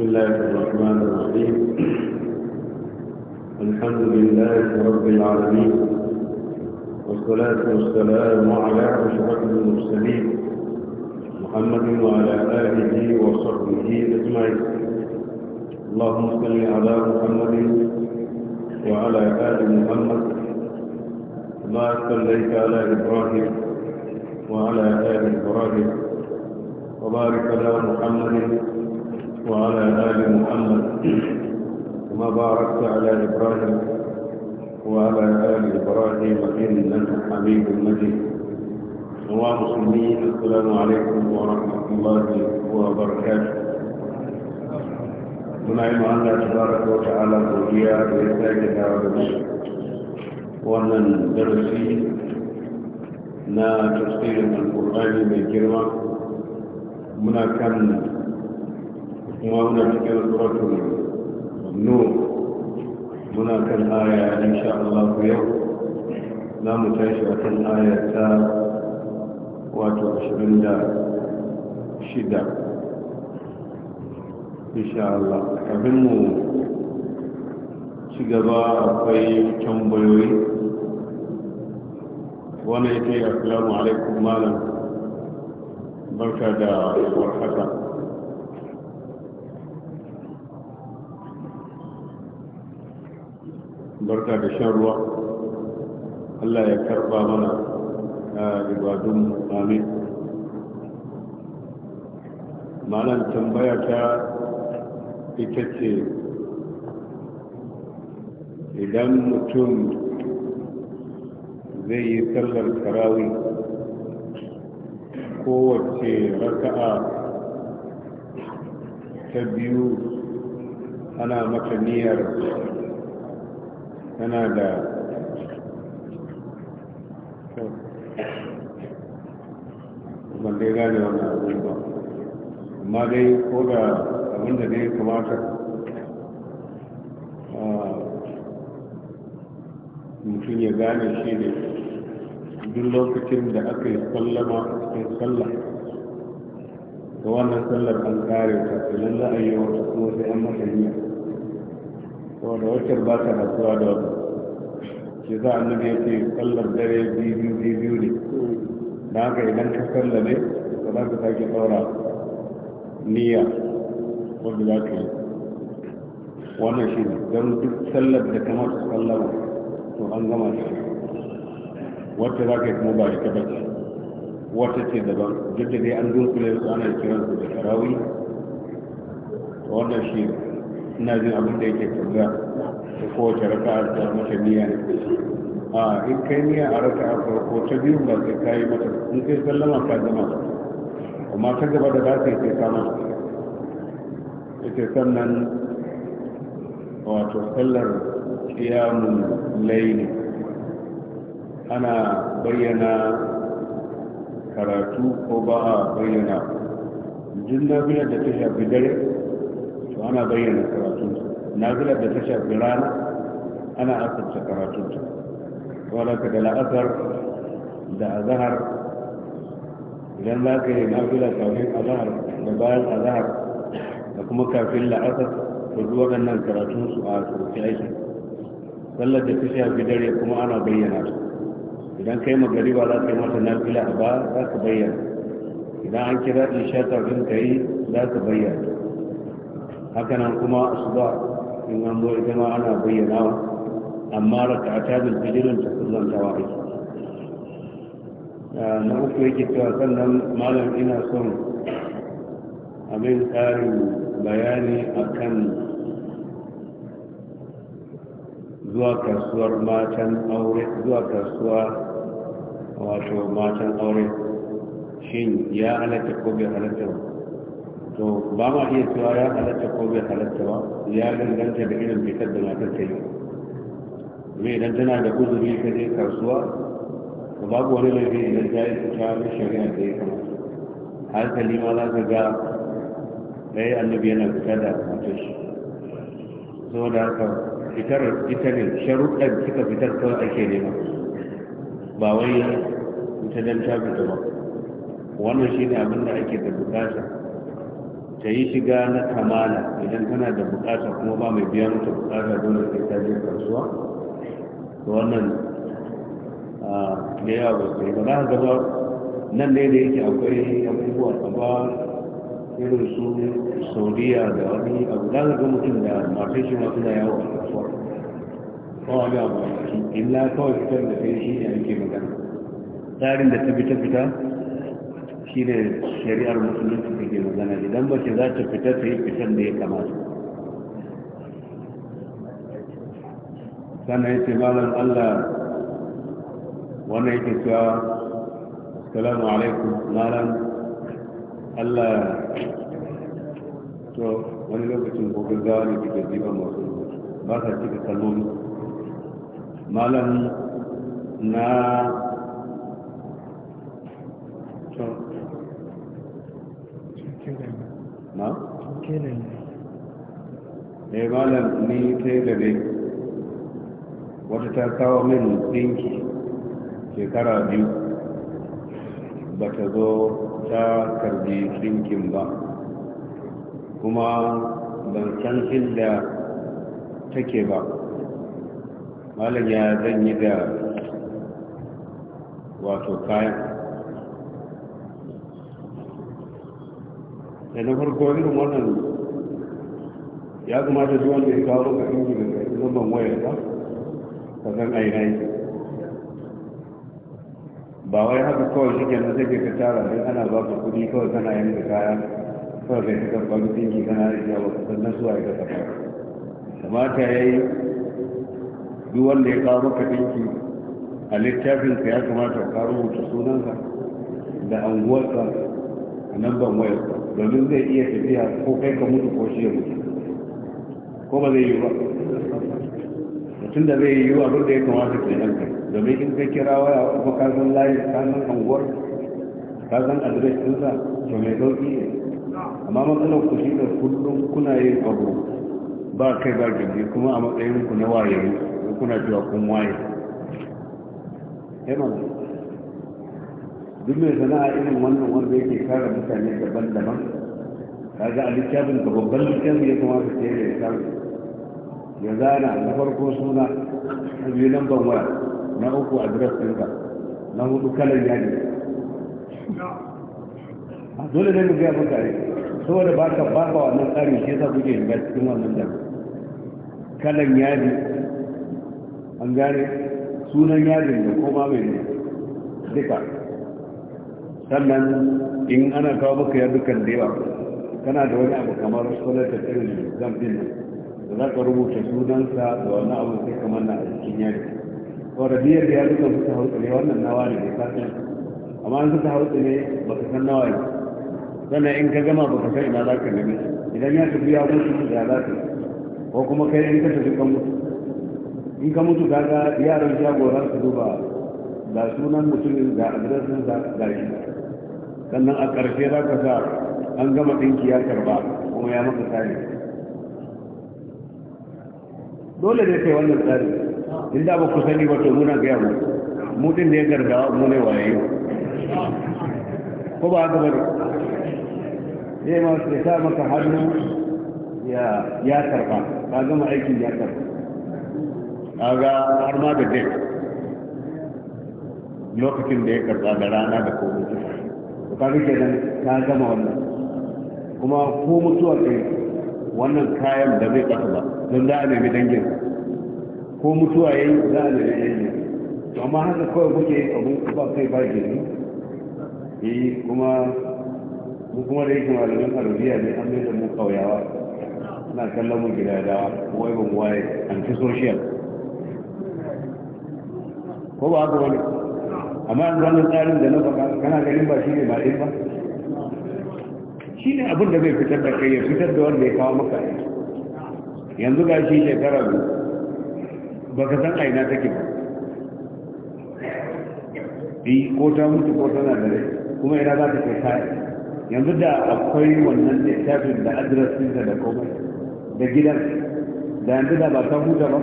بسم الله الرحمن الرحيم الحمد لله رب العالمين والصلاة والسلام على أشرف المرسلين محمد وعلى آله وصحبه أجمعين اللهم صل على محمد وعلى آل محمد ما صليت على إبراهيم وعلى آل إبراهيم وبارك على محمد وعلى آل محمد كما باركت على إبراهيم وعلى آل إبراهيم إنك حميد مجيد اللهم مسلمين السلام عليكم ورحمة الله وبركاته تنعم أن تبارك وتعالى بوجيا بإحتاج العالم ومن درسي نا تفسير من القرآن من كلمة منا كان kuma muna cikin suratul nur muna kan aya insha Allah ku yau za mu tashi a kan aya ta wato 26 insha Allah kafin mu ci gaba akwai tambayoyi wannan a filamu alaikum malam barka da warhaka barka da shan ruwa Allah ya karba mana ibadun mame. malam tambaya ta ita ce idan mutum zai yi sallar karawi kowace raka'a ta biyu ana mata niyyar tana da ban dai gane wani abin ba amma dai ko da abin da ne kamata mutum ya gane shi ne duk lokacin da aka yi sallama a cikin sallah da wannan sallar an kare ta idan za a yi wata kuma sai an mata niyya saboda wacce ba ta nasuwa da wata shi za a nuna yake sallar dare biyu biyu biyu-biyu ne na haka idan ka sallame ka za ka sake ɗaura niyya wanda za ka yi wannan shi ne don duk sallar da kamar su sallama to an gama shi Wata za ka yi kuma ba shi ta bace wata ce daban duk da dai an dunkule su ana kiran su da tarawih wannan shi ina jin abin da yake tambaya da kowace raka a ta mata niyya a in kai niyya a raka a farko ta biyu ba sai ka yi mata in kai sallama ka gama amma ta gaba da za ta yi sai ka mata ita sannan wato sallar kiyamun laili ana bayyana karatu ko ba a bayyana jin nafilar da ta shafi dare to ana bayyana karatu nazilar da ta shafi rana ana asarta karatunta wadda da la'asar da azahar idan za ka yi nazila kafin azahar da bayan azahar da kuma kafin la'asar da zuwa waɗannan karatun su a asirce aiki sallar da ta shafi dare kuma ana bayyana su idan kai magariba za ka yi mata nazila a ba za ka bayyana idan an kira isha kafin ka yi za ka bayyana hakanan kuma asuba in an zo ita ma ana bayyana amma raka a tabin fijirin ta kusantawa ake ah, na uku yake cewa sannan malam ina son abin tsarin bayani akan zuwa kasuwar matan aure zuwa kasuwa wato matan aure shin ya halatta ko bai halatta ba to ba ma iya cewa ya halatta ko bai halatta ba ya danganta da irin fitar da matar ta yi mai idan tana da kuzuri ta je kasuwa to babu wani laifin idan ta yi fita na shari'a da ya kama. hankali ma za ka ga ɗaya annabi yana fita da matar shi da haka fitar ita ne sharuɗan suka fitar kawai ake nema ba wai ita don ta fita ba wannan shi ne abin da ake da bukata ta yi shiga na kamala idan tana da bukata kuma ba mai biya mata bukata dole sai ta je kasuwa to wannan da yawa ba sai ba gaba nan ne da yake akwai abubuwa irin su saudiya da wani abu mutum da shi kasuwa kawai ga illa kawai fitar da shi ne ake magana tsarin da ta fita fita shine shari'ar musulunci take magana idan ba ce za ta fita ta yi fitan da ya kamata sannan yake malam allah wannan yake cewa assalamu alaikum malam allah to wani lokacin gobin gawa ne kike jiba masu ba sa cika kalmomi malam na tela ne eh, malam ni ta yi ne wata ta kawo min ɗinki shekara biyu ba ta zo ta karbi ɗinkin ba kuma ban san inda take ba malam ya zan yi da wato kayan da na farko irin wannan ya kamata duk wanda ya kawo ka inji da kai zaman wayar ka ka san ai na yake ba wai haka kawai shi kenan sai ka tara sai ana ba ka kuɗi kawai kana yanka kaya kawai kai ka karɓa mutunci kana rijiya ba wasu san na suwa ya ka kamata ya yi duk wanda ya kawo ka ɗinki a littafinka ya kamata ka rubuta sunanka da anguwarsa a nan ban wayarsa domin zai iya tafiya ko kai ka mutu ko shi ya mutu ko ba zai yi ba mutum da zai yi duk da ya kamata ke nan kai domin in kai kira waya kuma ka san layi ka san anguwar ka san adres ɗinsa to mai sauki ne amma matsalar ku shi da kullum kuna yin abu ba kai ba gindi kuma a matsayin ku na waye kuna cewa kun waye. Hey, eh, duk mai sana'a irin wannan wanda yake kare mutane daban-daban kaga a littafin da babban littafin ya kuma su yi da ya zana na farko suna na biyu lambar waya na uku adres ɗinka na hudu kalan yaji a dole ne mu gaya mutane saboda ba ka ba ka wannan tsarin shi yasa kuke shiga cikin wannan da kalan yaji an gane sunan yajin da koma mai ne duka sannan in ana kawo maka ya dukkan da yawa kana da wani abu kamar scholar da irin zan din da za ka rubuta sunansa da wani abu sai kamar na a cikin yari saboda biyar da ya duka suka hau tsire wannan nawa ne bai kasan amma an suka hau tsire ba ka san nawa ne sannan in ka gama ba ka san ina za ka nemi idan ya tafi ya mutu ya za ka ko kuma kai in ka tafi kan mutu in ka mutu kaga yaran jagoran su duba ga sunan mutumin ga adiresinsa ga shi sannan a ƙarshe za ka sa an gama ɗinki ya karba kuma ya maka tsari dole ne sai wannan tsari inda ba ku sani ba to muna gaya mu mu da ya garga mu ne waye ko ba haka ne ya ma sai sa maka hannu ya ya karba ka gama aikin ya karba ga har ma da dai lokacin da ya karba da rana da kowace kaga kenan ta gama wannan kuma ko mutuwa kai wannan kayan da zai kasa ba don za a nemi dangin ko mutuwa yayi za a nemi dangin to amma haka kawai kuke abun ba kai ba gini eh kuma mu kuma da yake malamin arabiya ne an mai da mu kauyawa ana kallon mu gida da wai ban waye anti social ko ba haka wani amma an wannan tsarin da na faɗa kana ganin ba shi ne ba ɗin ba shi ne abin da zai fitar da kai ya fitar da wanda ya kawo maka yanzu ga shi shekara biyu ba ka san aina take ba yi ko ta mutu ko tana da rai kuma ina za ta kai kaya yanzu da akwai wannan littafin da adiresinsa da komai da gidan da yanzu da ba ta huta ba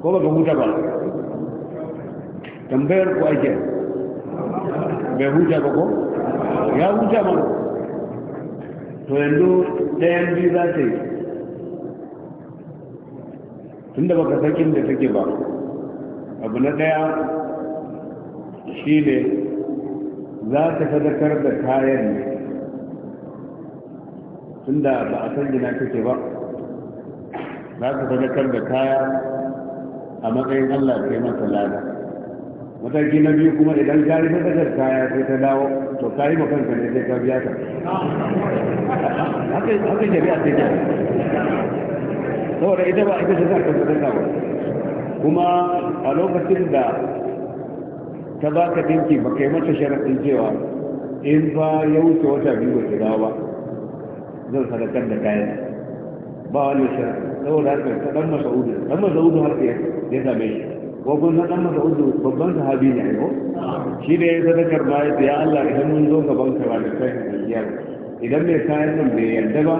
ko ba ka huta ba tambayar ku ake bai huta ba ko ya huta ba to yanzu ɗayan biyu za ta yi tun da baka san inda take ba abu na ɗaya shi ne za ta sadakar da kayan ne tun da ba a san gina take ba za ta sadakar da kaya a matsayin allah yi masa lada mataki na biyu kuma idan ka rufe kasar kaya sai ta dawo to ka yi kanka ne sai ka biya ka haka shari'a ce ke saboda ita ba ita ce za ka sadaka ba kuma a lokacin da ta ba ka dinki ba kai mata sharaɗin cewa in ba ya wuce wata biyu ba ki dawo ba zan sadakar da kayan ba wani sharaɗin saboda haka ta ɗan masa'udu ɗan masa'udu har ya same shi ko na san dan masa udu babban sahabi ne ayo shi da ya sadakar ba ya ya Allah idan mun zo gaban ka ba da kai biyar idan mai kayan nan bai yarda ba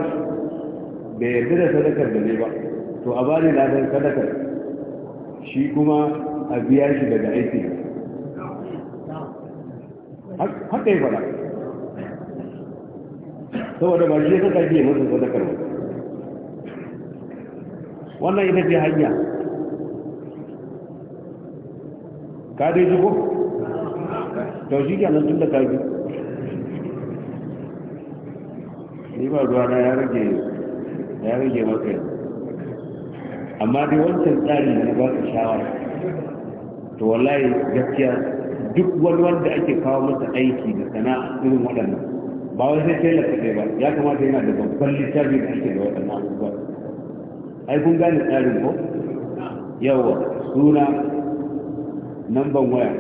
bai yarda da sadakar da ne ba to a bani na san sadakar shi kuma a biya shi daga aiki haka yi fara saboda ba shi ya saka ke masa sadakar ba wannan ita ce hanya ka dai ji ko to shi kenan tun da ka ni ba ruwa na ya rage ya rage maka amma dai wancan tsari ne ba ka shawara to wallahi gaskiya duk wani wanda ake kawo masa aiki da sana'a irin waɗannan ba wai sai tailor kaɗai ba ya kamata yana da babban littafi da ake da waɗannan abubuwa ai kun gane tsarin ko yawa suna namban waya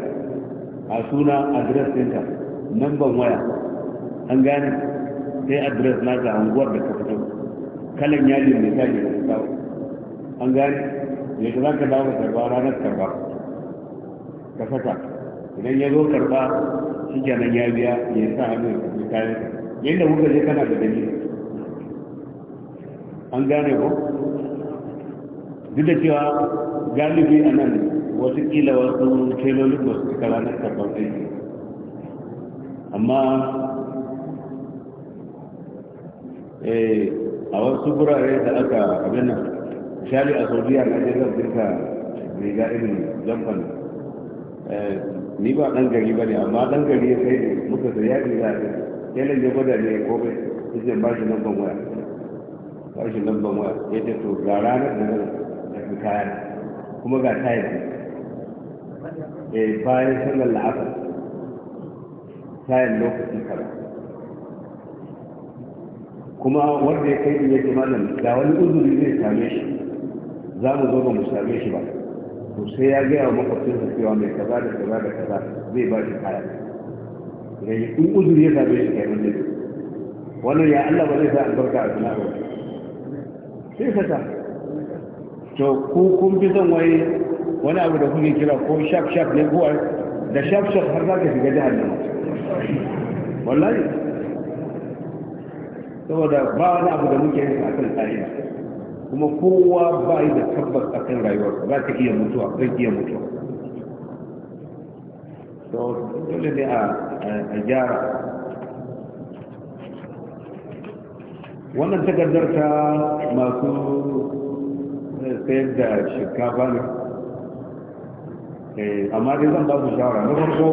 a suna adres center namban waya an gane sai na naka hanguwar da ka fito kalan yalin mai tashi da an gane yanzu za ka dawo karba ranar karba ka saka idan ya zo karba shi kenan ya biya ya sa hannu ya karbi kayan yadda kuka je kana da dalili an gane ko duk da cewa galibi a nan watakila wasu keloli ba su suka ranar karɓar aiki amma eh, a wasu gurare da aka abin nan shari a saudiya na jirgin zirka riga irin zamfan eh, ni ba ɗan gari ba ne amma ɗan gari ya sai muka ya riga a kelan ya gwada ne ko bai izin ba shi lambar waya ba shi lambar waya ya ce to ga ranar da zai tafi kayan kuma ga tayin eh bayan sallar la'asar tayar lokaci kara kuma wanda ya kai ya ji malam da wani uzuri zai same shi za mu zo ba mu same shi ba to sai ya gaya wa makwabcinsa cewa mai kaza da kaza da kaza zai ba shi kaya idan ya kun uzuri ya same shi kai wannan wannan ya Allah ba zai sa albarka a sana'a ba sai ta to ku kun fi zan wai wani abu da kuke kira ko shaf shaf ne ko da shaf shaf har za ka shiga jihar nan wallahi saboda ba wani abu da muke yin akan tsari kuma kowa ba yi da tabbas akan rayuwar ba ka iya mutuwa ba zai iya mutuwa to dole ne a gyara wannan takardar ta masu sayar da shinkafa ne eh, amma dai zan ba su shawara na farko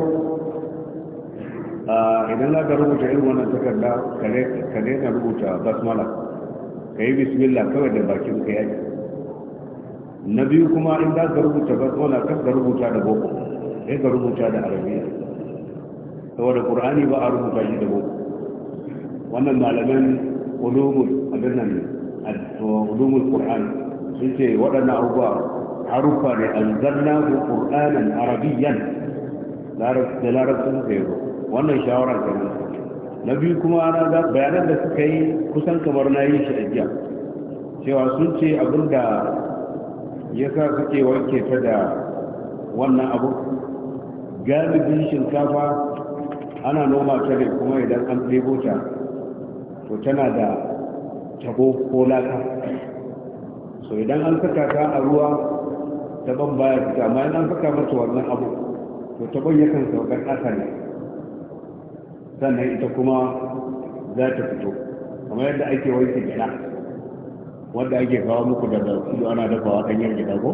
ah, idan za ka rubuta irin wannan takarda ka daina rubuta basmala ka yi bismillah kawai da bakin ka yaki na biyu kuma in za ka rubuta basmala kan ka rubuta da boko sai ka rubuta da arabiya saboda qur'ani ba a rubuta shi da boko wannan malaman ulumul abin nan ulumul qur'ani yace waɗannan abubuwa harufa ne anzalna bi qur'anan arabiyyan da larabcin ka yaro wannan shawarar ka na biyu kuma na ga bayanan da suka yi kusan kamar na shi a jiya cewa sun ce abinda ya sa suke wanke ta da wannan abu galibin shinkafa ana noma ta ne kuma idan an ɗebo ta to tana da tabo ko laka so idan an saka ta a ruwa ta ban baya fita amma an saka mata wannan abu to ta ban yakan saukar ƙasa ne sannan ita kuma za ta fito kamar yadda ake wanke gida wanda ake kawo muku da zarfi ana dafawa ɗanyar gida ko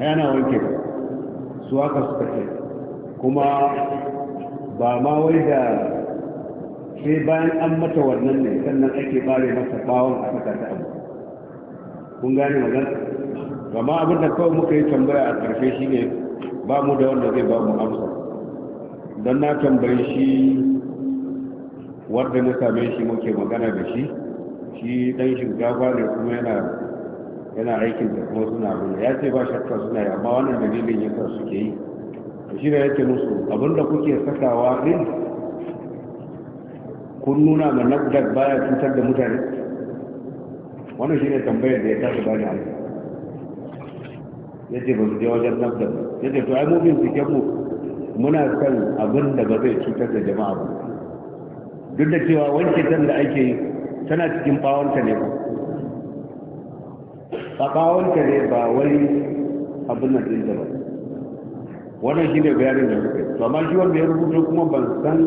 ana wanke su haka suka ce kuma ba ma wai da sai bayan an mata wannan ne sannan ake bare masa bawon a saka ta abu kun gane magana gama abin da kawai muka yi tambaya a karfe shi ne ba mu da wanda zai ba mu amsa don na tambayi shi wadda na same shi muke magana da shi shi dan shinkafa ne kuma yana yana aikin da kuma suna abin ya ce ba shakka suna yi amma wannan dalilin ya sa suke yi shi da yake musu abin da kuke sakawa din kun nuna ma nafdak baya cutar da mutane wannan shi ne tambayar da ya tashi ba da hannu ya ce ba su je wajen nan da ya ce to ai mu binciken mu muna son abin da ba zai cutar da jama'a ba duk da cewa wanke can da ake yi tana cikin bawonta ne ba a bawonta ne ba wani abin nan din da ba wannan shi ne bayanin da suke to amma shi wanda ya rubuta kuma ban san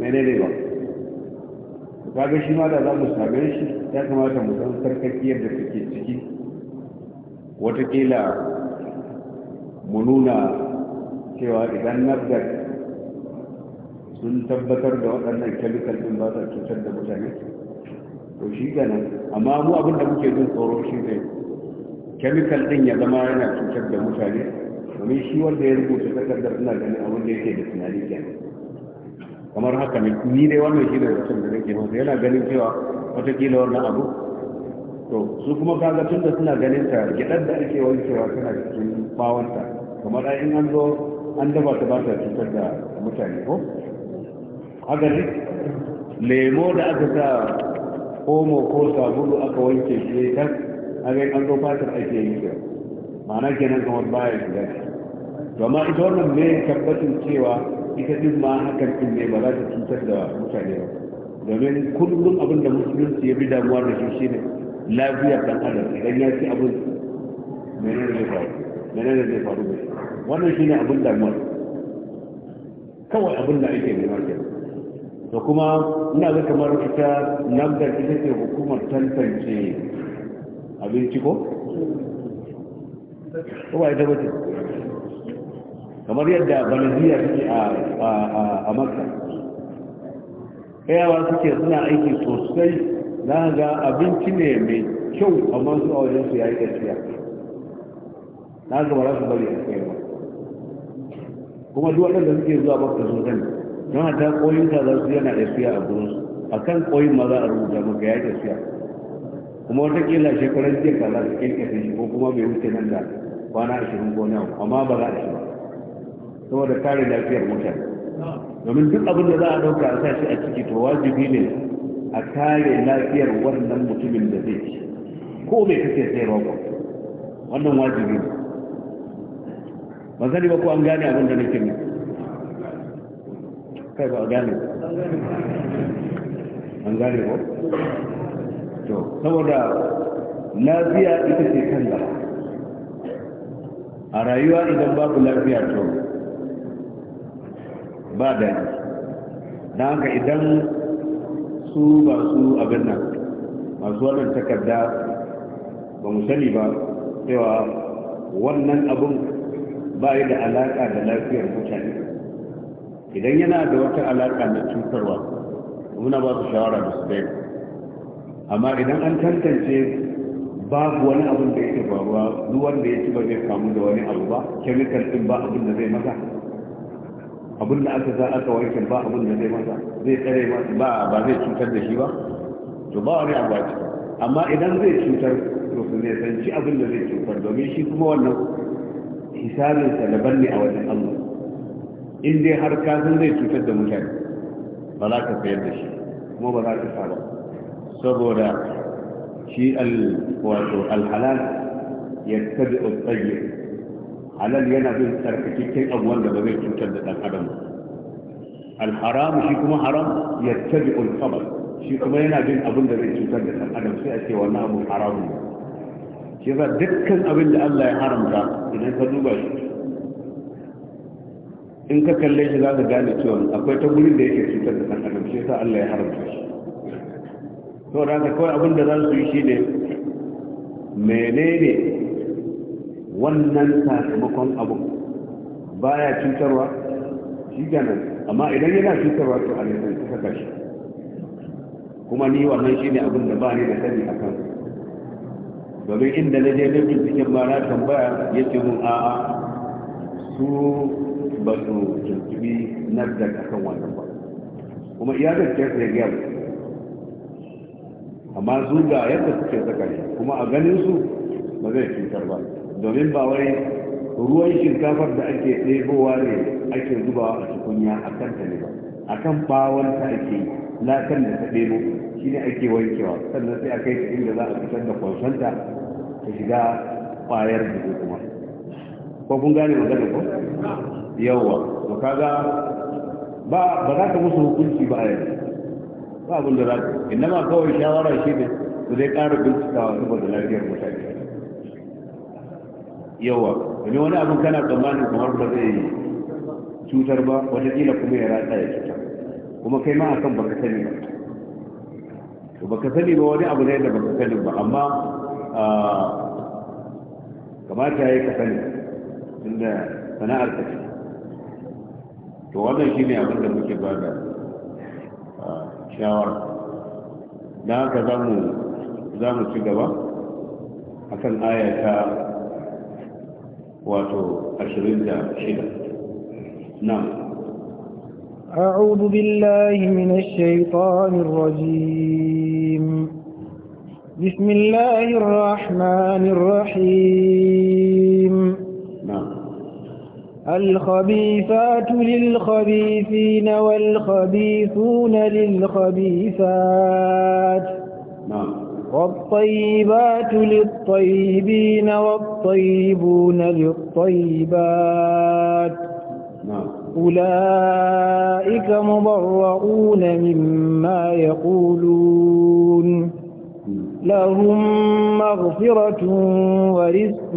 menene ba kaga shi ma da za mu same shi ya kamata mu san sarkakiyar da take ciki watakila mu nuna cewa idan nafdar sun tabbatar da waɗannan kemikal ɗin ba sa cutar da mutane to shi ganin amma mu abin da muke jin tsoro shi ne kemikal ɗin ya zama yana cutar da mutane domin shi wanda ya rubuta takardar ina ganin abin da yake da tunani kenan kamar haka ne ni dai wannan shi ne zaton da nake masa yana ganin cewa watakila wannan abu to su kuma kaga tun da suna ganin ta gidan da ake wankewa tana cikin bawanta kamar ai in an zo an daba ta ba ta cutar da mutane ko haka ne lemo da aka sa omo ko sabulu aka wanke shi ta haka an zo fatar ake yi da ma'ana kenan kamar baya shiga to amma ita wannan ne tabbatin cewa ita din ma hakan din ne ba za ta cutar da mutane ba domin kullum abin da musulunci ya bi damuwa da shi shine lafiyar dan adam idan ya ci abin menene zai faru menene zai faru da wannan shine abin damuwa kawai abin da ake nema ke to kuma ina ga kamar ita nan da ita ce hukumar tantance abinci ko? Kuma ita bace kamar yadda balaziya suke a makka kayawa suke suna aiki sosai na ga abinci ne mai kyau amma su a su ya yi gaskiya na gaba za su bari a kai ba kuma duk waɗanda suke zuwa makka su sani don hata koyin ka za su yana gaskiya a su. a kan koyin ma za a rubuta maka ya yi gaskiya kuma watakila shekarar jiya ka za su kirkata shi ko kuma bai wuce nan da kwana ashirin ko nawa amma ba za a shi ba saboda kare lafiyar mutane domin duk abin da za a ɗauka a sashi a ciki to wajibi ne a kare lafiyar wannan mutumin da zai ci ko mai kake sai ko wannan wajibi ne ban sani ba ko an gane abin da nake ne kai ba gane an gane ko to saboda lafiya ita ce kan gaba a rayuwa idan babu lafiya to ba yi da haka idan su ba su abin nan masu wannan takarda ba mu sani ba cewa wannan abun ba yi da alaƙa da lafiyar mutane idan yana da wata alaƙa na cutarwa muna ba su shawara da su dai amma idan an tantance babu wani abin da yake faruwa duwanda ya ci ba zai kamu da wani abu ba kemikal din ba abin da zai maka abin da aka za aka wanke ba abin da zai masa zai tsare masa ba ba zai cutar da shi ba to ba wani abu a amma idan zai cutar to su ne sanci abin da zai cutar domin shi kuma wannan hisabinsa daban ne a wajen Allah in dai har ka san zai cutar da mutane ba za ka sayar da shi kuma ba za ka sa saboda shi al wato al halal yattabi'u at-tayyib halal yana bin tsarkakakken abu wanda ba zai cutar da ɗan adam alharam shi kuma haram ya tabi ulkabar shi kuma yana bin abin da zai cutar da ɗan adam sai a ce wannan abu haramun shi dukkan abin Allah ya haramta idan ka duba shi in ka kalle shi za ka gane cewa akwai ta gurin da yake cutar da ɗan adam shi yasa Allah ya haramta shi to da kawai za su yi shi ne menene wannan sakamakon abu ba ya cutarwa shi ganin amma idan yana cutarwa to a nisan suka saka shi kuma ni wannan shi ne abin da ba ni da sani a kan domin inda na je na binciken ba na tambaya ya ce mun a'a su ba su tuntubi na da kan wannan ba kuma iya gaskiyar sai gaya amma su ga yadda suke saka shi kuma a ganin su ba zai cutar ba domin ba wai ruwan shinkafar da ake ɗebowa ne ake zubawa a ya a kan ta ne ba a kan bawon ta ake lakan da ta ɗebo shi ne ake wankewa sannan sai a kai ta inda za a fitar da kwansanta ta shiga ƙwayar ke kuma ko kun gane magana ko yawwa to kaga ba ba za ka musu hukunci ba yanzu ba abin da za ka inna ma kawai shawara shi ne su zai ƙara bincikawa saboda lafiyar mutane yawa wani wani abin kana tsammanin kamar ba zai cutar ba wataƙila kuma ya ratsa ya cutar kuma kai ma akan baka sani ba to baka sani ba wani abu ne da baka sani ba amma kamata ya yi ka sani inda sana'ar ka ce to wannan shi ne abin da muke ba da shawar da haka za mu ci gaba akan ayata wato 26 نعم أعوذ بالله من الشيطان الرجيم بسم الله الرحمن الرحيم نعم الخبيثات للخبيثين والخبيثون للخبيثات نعم والطيبات للطيبين والطيبون للطيبات نعم. أولئك مبرؤون مما يقولون لهم مغفرة ورزق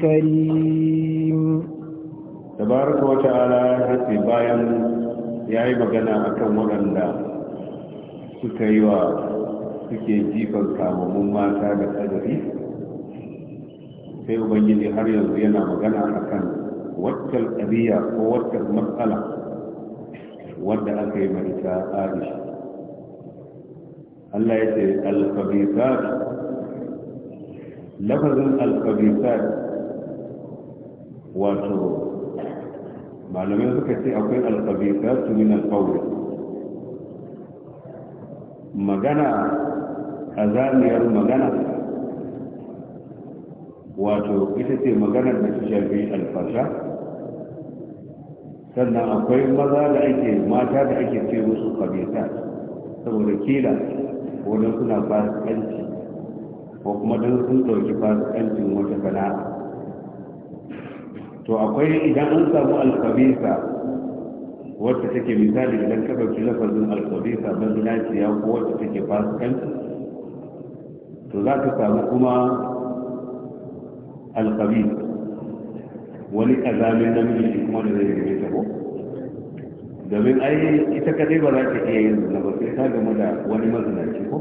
كريم تبارك وتعالى رسي بايم يعيب قنا أكم وغندا سكيوا suke jifan kamamun mata da tsadari. sai ubangiji har yanzu yana magana a kan waccan ƙabiya ko waccan matsala wadda aka yi mai ta aisha Allah ya ce alfabisar lafazin alfabisar wato malamai suka ce akwai alfabisar su min alfawar magana a zamiyar magana wato ita ce maganar da ta shafi alfasha sannan akwai maza da ake mata da ake ce musu kabita saboda kila wadda suna fasikanci ko kuma don sun ɗauki fasikancin wata sana'a to akwai idan an samu alfabisa wacce take misali idan ka ɗauki lafazin alkabisa zinaciya ko wacce take fasikanci to za ka samu kuma alkabi wani kazamin namiji shi kuma da zai rage ta ko domin ai ita kadai ba za ta iya yin zina ba sai ta gama da wani mazinaci ko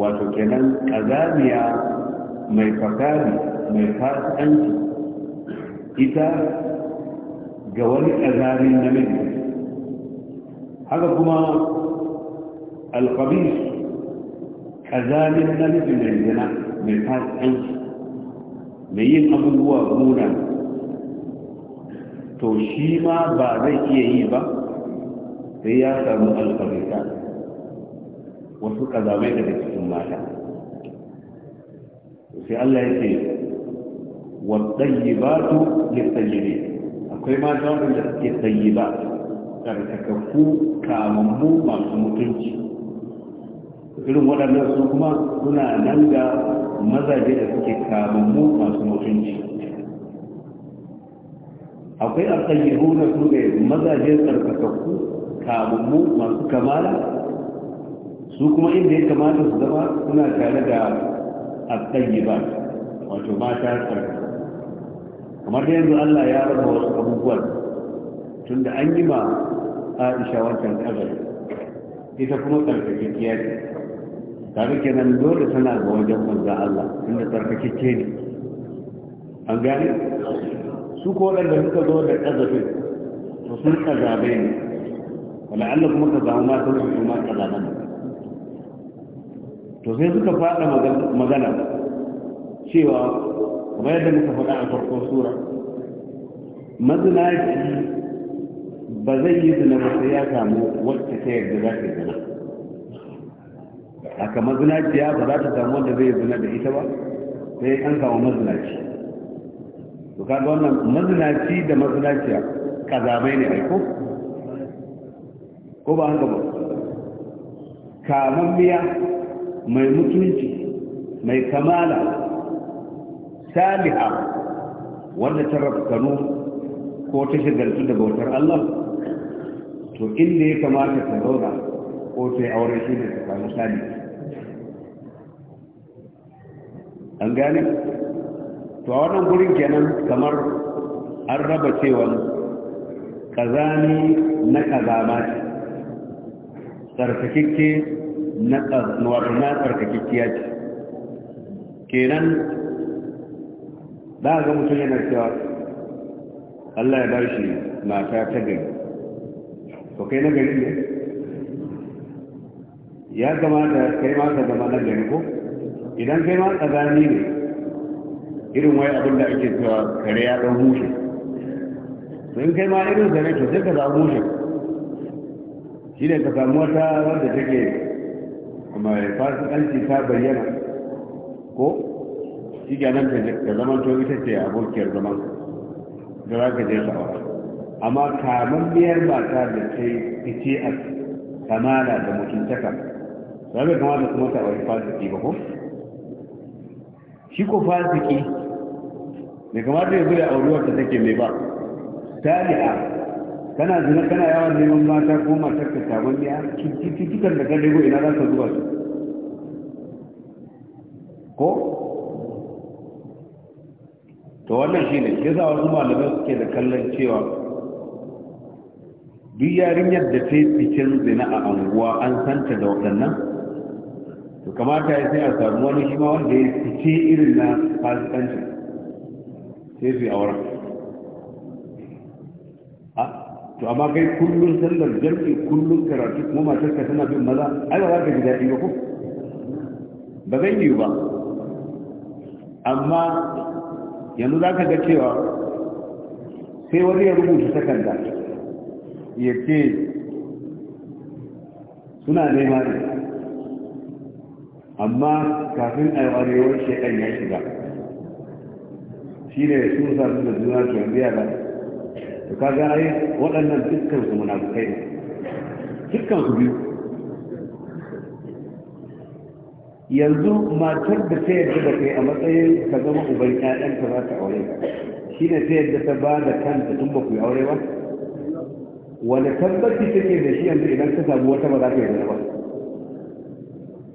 wato kenan kazamiya mai fakari mai fasikanci ita ga wani kazamin namiji haka kuma alkabis ƙazamin namiji mai zina mai fasikanci mai yin abubuwa muna to shi ma ba zai iya yi ba sai ya samu alfarita wasu ƙazamai daga cikin mata sai Allah ya ce waɗayyibatu ya tsayyire akwai mata waɗanda suke tsayyibatu tsarkakakku kamammu masu mutunci irin waɗannan su kuma suna nan da mazaje da suke kamammu masu mutunci akwai alƙayyaru na su ne mazaje tsarkakakku kamammu masu kamala su kuma inda ya kamata su zama suna tare da ba, wato mata tsarkakakku kamar da yanzu Allah ya raba wasu abubuwan tun da an yi ma Aisha wancan kazari ita kuma tsarkakakkiya ce tare kenan dole tana ga wajen manzo Allah inda tarkake ce ne an gane su ko da suka zo da kazafi to sun kazabe ne wala Allah kuma ka samu ma sun su ma ƙazaban to sai suka fada magana cewa kamar yadda muka faɗa a farko sura mazinaci ba zai yi zina ba sai ya samu wacce ta yarda za ta yi zina a kamar zinaciya ba za ta samu wanda zai zina da ita ba sai an samu mazinaci to kaga wannan mazinaci da mazinaciya kazamai ne aiko ko ba hanga ba Kamar miya mai mutunci mai kamala saliha wanda ta rafkanu ko ta shigarci da bautar Allah to inda ya kamata ta zauna ko ta yi aure shi ne ta samu saliha an gane to a wannan gurin kenan kamar an raba cewa kazani na kazama ce tsarkakikke na tsarkakikkiya ce kenan za ga mutum yana cewa Allah ya bar shi mata ta gari to kai na gari ne ya gama da kai ma ka zama na gari ko idan kai ma tsagani ne irin wai abin da ake cewa kare ya ɗan mushe to in kai ma irin sa ne to sai ka samu mushe shi ne ka samu wata wadda take mai fasikanci ta bayyana ko shi nan da zaman to ita ce abokiyar zaman da za ka je sha'awa amma kamar biyar mata da ta yi fice a kamala da mutuntaka za ka kamata kuma ta wani fasiki ba ko shi ko fasiki bai kamata ya zura auri ta take mai ba tali'a kana zina kana yawan neman mata ko matar ka sabon ya cikin da ka lego ina za ka zuwa su ko to wannan shi ne ke za wasu malamai suke da kallon cewa duk yarinyar da ta yi bikin zina a anguwa an santa da waɗannan to kamata ya sai a samu wani shi ma wanda ya fice irin na fasikanci sai su yi auren a ah, to amma kai kullum sallar jam'i kullum karatu kuma ka tana bin maza ai ba za ka ji daɗi ba ko ba zan yi ba amma yanzu za ka ga cewa sai wani ya rubuta sakanda, ya ce suna nema ne amma kafin a yi warewar shekan ya shiga shi ne su sa da juna su yanzu ba to ka ai waɗannan dukkan su kai ne dukkan su biyu yanzu matar da ta yadda da kai a matsayin ka zama uban 'ya'yanta za ta aure shi ne ta yadda ta ba da kanta tun ba ku aure ba Wani tabbaci take da shi yanzu idan ka samu wata ba za ka yi ba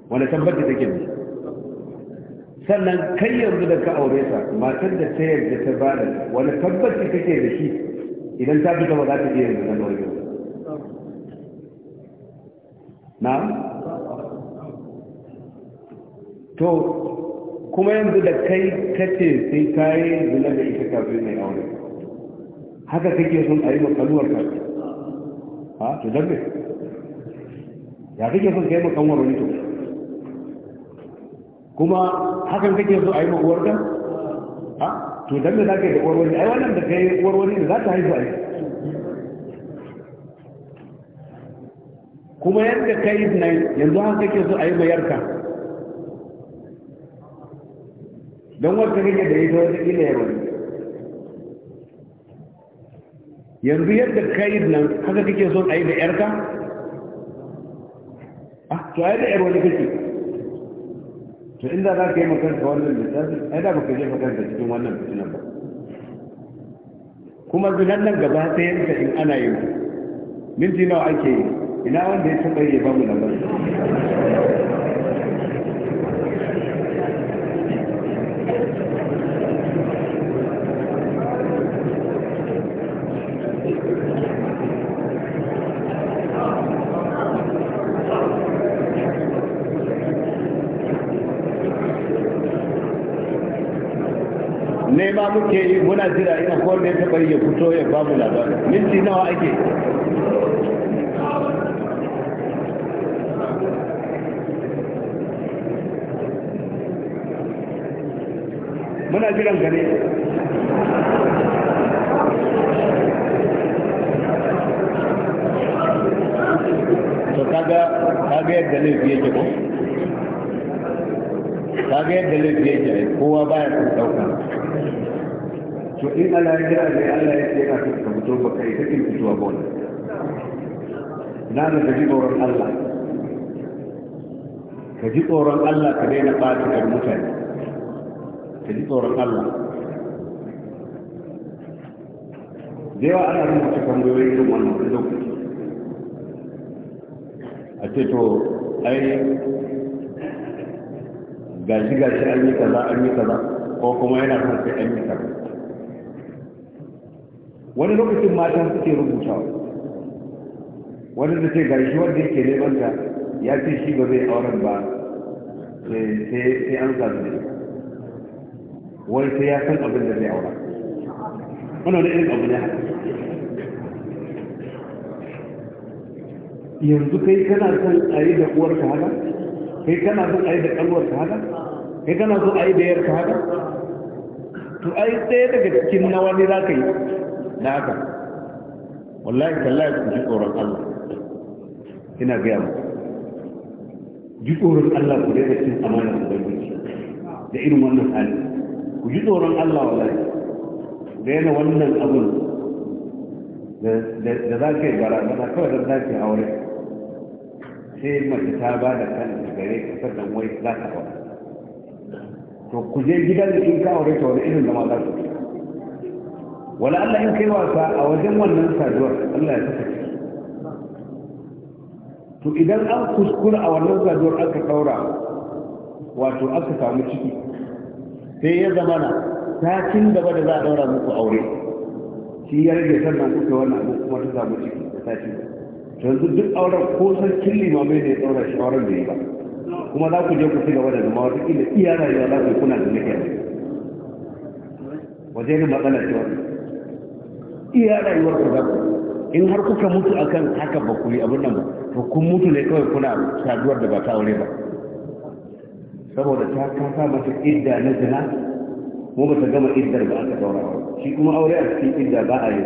wanda tabbata take ne? sannan kai yanzu da ka aure sa, matar da ta yarda ta bada wanda tabbata take da shi idan ta fita ba za ta iya yanzu na nauyi na to kuma yanzu da kai kace sai ka yi zina da ita kafin mai aure haka kake son a yi makaluwar ka ha to dambe ya kake son kai makanwar wani to kuma hakan kake so a yi ma uwarka ha to dan da zaka da uwar wani ai wannan da kai uwar wani da za ta haihu ai kuma yadda kai nan yanzu haka kake so a yi ma yarka don wata kake da ita wata kila ya wani yanzu yadda kai nan haka kake so a yi da yarka ah to ai da yar wani kake to inda za ka yi makanka wannan littafi ai da baka je da cikin wannan fitinan ba kuma zinan nan gaba ta yanka in ana yi minti nawa ake yi ina wanda ya taɓa yi ba mu ba. ne ma muke yi muna jira ina ko ne ta bari ya fito ya babu labari minti nawa ake muna jiran gane to kaga kaga yadda biye ke ko kaga yadda laifi yake kowa baya son dauka to in Allah ya kira da Allah ya kira ka ka fito ba kai ke fitowa ba wannan na da gaji tsoron Allah ka ji tsoron Allah ka daina ɓata ga mutane ka ji tsoron Allah da yawa ana kan tambayoyi irin wannan lokaci a ce to ai gashi gashi an yi kaza an yi kaza ko kuma yana son sai an yi kaza wani lokacin mata suke rubutawa wani da ce gashi wanda yake neman ta ya ce shi ba zai auren ba sai an zaɓi ne wani sai ya san abin da zai aura wani wani irin abu ne yanzu kai kana son a yi da ka haka kai kana son a yi da ka haka kai kana son a yi da ka haka to ai ɗaya daga cikin nawa ne za ka yi da haka wallahi tallahi ku ji tsoron Allah ina gaya mu ji tsoron Allah ku daina cin amana da ubangiji da irin wannan hali ku ji tsoron Allah wallahi daina wannan abun da za ka yi da kawai da za ka yi aure sai mace ta ba da kan gare ka sannan wai za ka aure to ku je gidan da in ka aure ta wani irin zama za ku wala Allah in kai wasa a wajen wannan saduwar Allah ya saka ciki to idan an kuskura a wannan saduwar aka daura wato aka samu ciki sai ya zama na sakin gaba da za a daura muku aure shi ya rage sannan kuka wannan abu kuma ta samu ciki da sakin yanzu duk auren ko san ma bai da ya daura shi auren da ya ba kuma za ku je ku ci gaba da zama wata kila iya rayuwa za ku kuna da nake wajen ne matsalar ciwon. iya rayuwar ku za in har kuka mutu akan haka ba ku yi abin nan ba to kun mutu ne kawai kuna saduwar da ba ta aure ba saboda ta kasa mata idda na zina mu ba ta gama iddar ba aka daura shi kuma aure a cikin idda ba a yi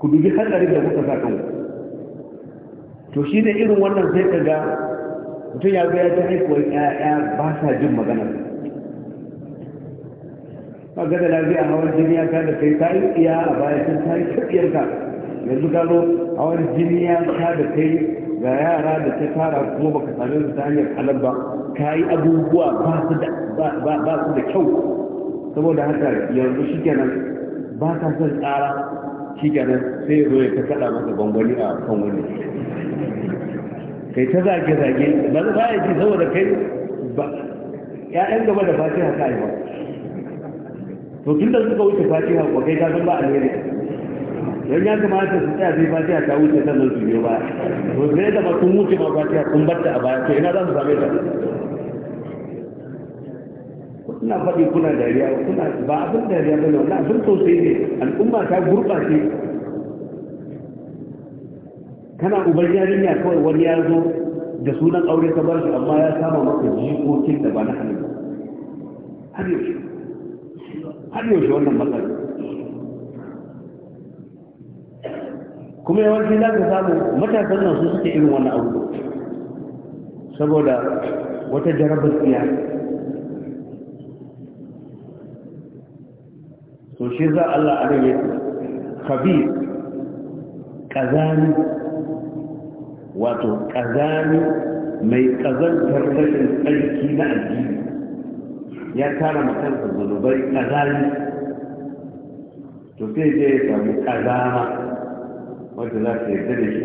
ku dubi hadari da kuka sa kanku to shi ne irin wannan sai ka ga mutum ya ga ya ta haihuwar 'ya'ya ba sa jin magana ka ga da lafiya hawan jini ya kada kai ta yi iya a baya sun ta yi tsakiyar ka yanzu gano hawan jini ya kada kai ga yara da ta tara kuma baka same su ta hanyar kalar ba ka yi abubuwa ba su da kyau saboda haka yanzu shi kenan ba ka son tsara shi kenan sai zo ya ta kaɗa masa gwangwani a kan wani kai ta zage-zage ba za a ji saboda kai ba 'ya'yan gaba da ba sai yi ba to tun da suka wuce fatiha ko kai ka san ba alheri don ya kamata su tsaya sai fatiha ta wuce sannan su biyo ba to sai da ba kun wuce ma fatiha kun batta a baya to ina za mu same ta kuna faɗi kuna dariya kuna ba abin dariya ba ne wannan abin sosai ne al'umma ta gurɓace kana uban yarinya kawai wani ya zo da sunan aure ka bar shi amma ya sama maka jikokin da ba na hannu har yaushe har yaushe wannan matsala kuma yawanci za ka samu matasan nan su suke irin wannan abu saboda wata jarabar tsiya to shi za Allah a rage kabi kazani wato kazani mai kazantar rashin tsarki na addini ya tara makansa zunubai kazali to sai je ya samu kazama wanda za ta yarda da shi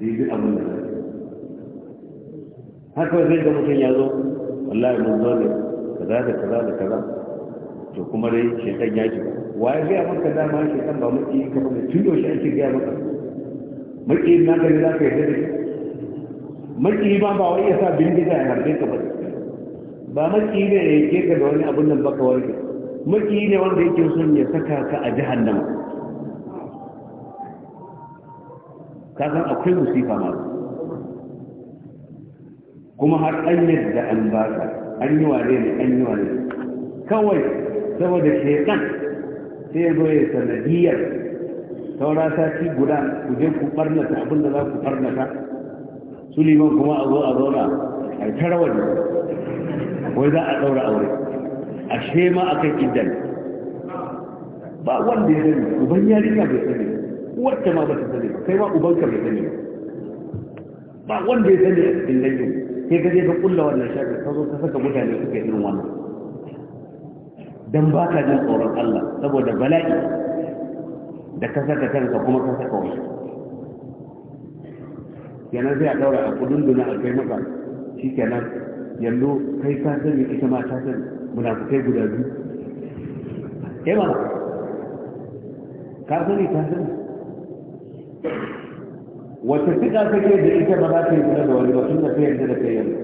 yi duk abin da haka zai ga mutum ya zo wallahi mun zo ne kaza da kaza da kaza to kuma dai shekan ya ce wa ya gaya maka dama shekan ba yi ka da tun yaushe ake gaya maka maki na gani za ka yarda da shi maki ba ba wai ya sa bindiga ya harbe ka ba ba maki ne ya yake ka da wani abin nan baka warke maki ne wanda yake son ya saka ka a jahannama ka san akwai musifa ma kuma har an da an ba ka an yi ware ne an yi ware kawai saboda shekan sai ya zo ya sanadiyar saura sati guda ku je ku barnata abin da za ku barnata su kuma a zo a zauna a tarawar wai za a ɗaura aure a shema a kan idan ba wanda ya sani uban yarinya bai sani uwarta ma ba ta sani kai ma ubanka bai sani ba wanda ya sani a cikin dangin sai ka je ka kulla wannan shafi ka zo ka saka mutane suke irin wannan dan ba ka jin tsoron Allah saboda bala'i da ka saka kanka kuma ka saka wani kenan sai a ɗaura a kudin duna a kai maka shi kenan yallo kai ka sani ita ma ta sani munafukai guda biyu ema eh ka sani ta sani wata tuka ke da ita ba za ta yi kula da wani ba tun da ta da kai yanzu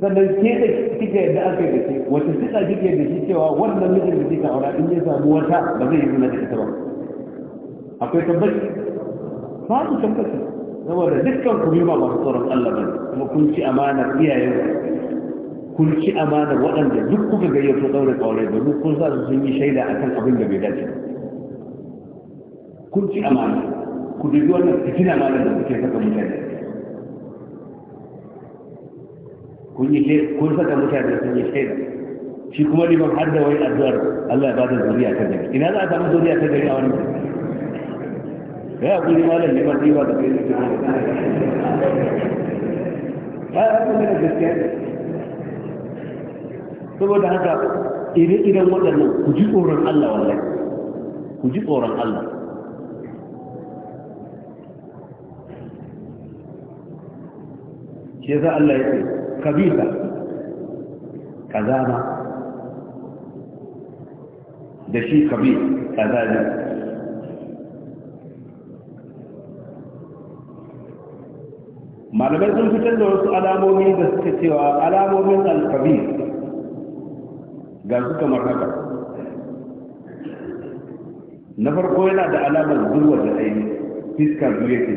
sannan ke da kike yadda aka yi da ke wata tuka kike da shi cewa wannan mijin da kika aura in ya samu wata ba zai yi zina da ita ba akwai tabbaci su tabbaci da dukkan ku ba masu tsoron Allah ba kuma kun ci amanar iyayen kun ci amanar waɗanda duk kuka gayyato ɗaure ƙaurai ba duk kun sa su sun yi shaida a kan abin da bai dace kun ci amana ku dubi wannan fitina ma da kuke saka mutane kun yi kun saka mutane sun yi shaida shi kuma liman har da wai addu'ar Allah ya bada zuriya ta gari ina za a samu zuriya ta gari a wannan da ya kuri malam ne mafi ba da kai suke ba ya kuma da gaskiya saboda haka ire-iren waɗannan ku ji tsoron Allah wallahi ku ji tsoron Allah shi za Allah ya ce kabisa kazama da shi kabisa kazama malamai sun fitar da wasu alamomi da suka cewa alamomin alkabi ga su kamar haka na farko yana da alamar zuwa da ainihi fiskar biyu yake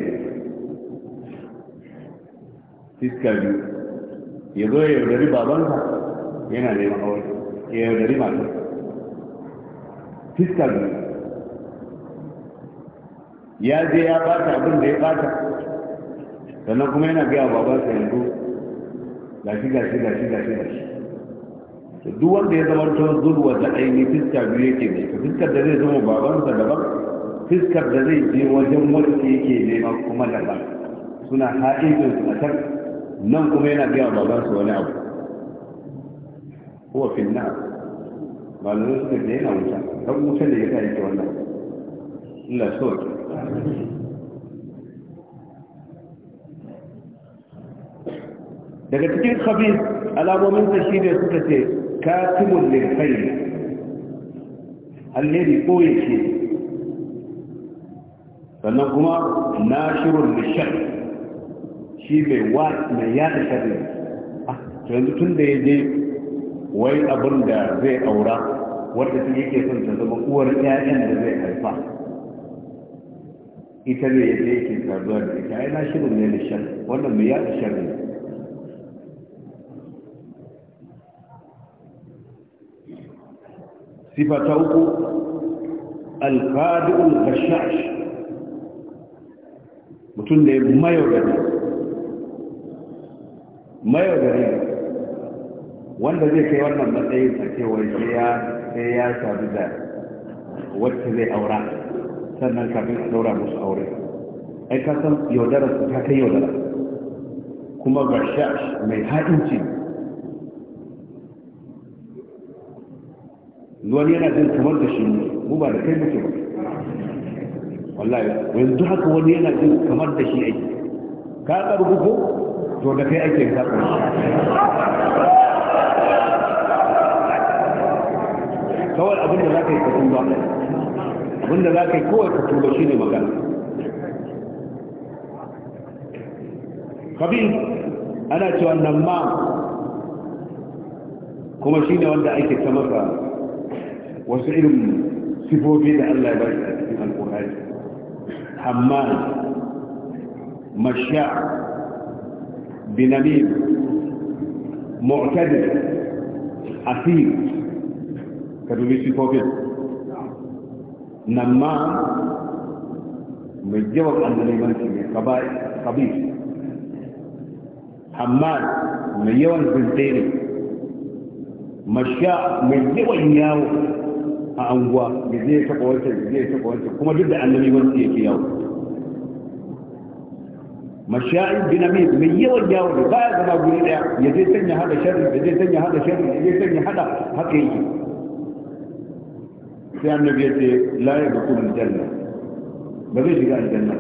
fiskar biyu ya zo ya yaudari babansa yana neman aure ya yaudari matarsa fiskar biyu ya je ya bata abin da ya bata sannan kuma yana gaya baba sa yanzu gashi gashi gashi gashi gashi to duk wanda ya zama to zulwa da aini fiska biyu yake ne fiskar da zai zama babansa daban fiskar da zai je wajen wanda yake nema kuma daban suna ha'idin su a can nan kuma yana gaya babansa wani abu huwa fil nar malamin suka je yana wuta don wuta da ya sa yake wannan Allah so daga cikin khabis alamominsa shi ne suka ce katimun lirfai alheri koye shi sannan kuma nashirun lishar shi mai yada sharri ah, to yanzu tun da ya je wai abin da zai aura wadda su yake son ta zama uwar 'ya'yan da zai haifa ita ne ya je yake karuwa da ita ai nashirun lishar wannan mai yada shari sifa ta uku alfadi'ul gashash mutum da ya mayaudari gari wanda zai kai wannan matsayin a ya sai ya sadu da wacce zai aura sannan kafin a daura musu aure ai ka san ta kai yaudara kuma gashash mai haɗin wani yana jin kamar da shi mu ba da kai muke ba wallahi yanzu haka wani yana jin kamar da shi ake ka karbu ko to da kai ake ka kawai abin da za ka yi ka tuba abin da za ka yi kawai ka tuba shi ne magana kabir ana cewa nan ma kuma shi ne wanda ake ta masa وسعيد سفو فيه الله يبارك في القرآن حمام مشاع بنميم معتدل أثير كتبه سفو فيه نمام مجوب عن نيمان سيدي قبائل قبيل حمال مجوب عن بنتين مشاع مجوب عن ياو a anguwa da zai taɓa wancan da zai taɓa wancan kuma duk da annabi wancan yake yawo mashayin dinamis mai yawan yawo da baya zama guri daya ya zai sanya hada sharri ya zai sanya hada sharri ya zai sanya hada haka yake sai annabi ya ce la ya da kulun janna ba zai shiga aljanna